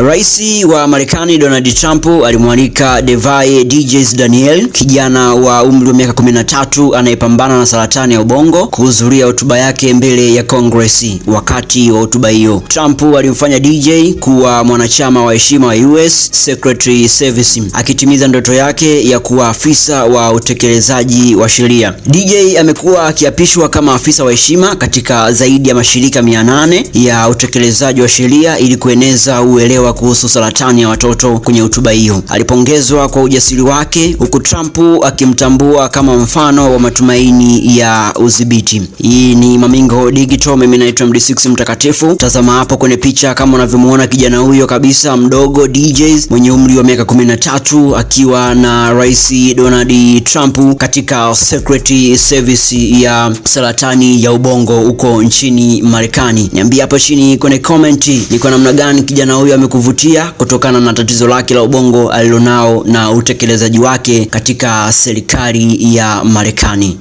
Rais wa Marekani Donald Trump alimwalika Devae DJs Daniel, kijana wa umri wa miaka 13 anayepambana na saratani ya ubongo, kuhudhuria hotuba yake mbele ya Kongresi. Wakati wa hotuba hiyo, Trump alimfanya DJ kuwa mwanachama wa heshima wa US Secretary Service, akitimiza ndoto yake ya kuwa afisa wa utekelezaji wa sheria. DJ amekuwa akiapishwa kama afisa wa heshima katika zaidi ya mashirika 800 ya utekelezaji wa sheria ili kueneza uelewa aliyetoa kuhusu saratani ya watoto kwenye hotuba hiyo. Alipongezwa kwa ujasiri wake, huku Trump akimtambua kama mfano wa matumaini ya udhibiti. Hii ni Mamingo Digital, mimi naitwa MD6 Mtakatifu. Tazama hapo kwenye picha, kama unavyomuona kijana huyo kabisa mdogo DJs mwenye umri wa miaka 13 akiwa na Rais Donald Trump katika Secret Service ya saratani ya ubongo huko nchini Marekani. Niambie hapo chini kwenye comment ni kwa namna gani kijana huyo amekuwa kuvutia kutokana na tatizo lake la ubongo alilonao na utekelezaji wake katika serikali ya Marekani.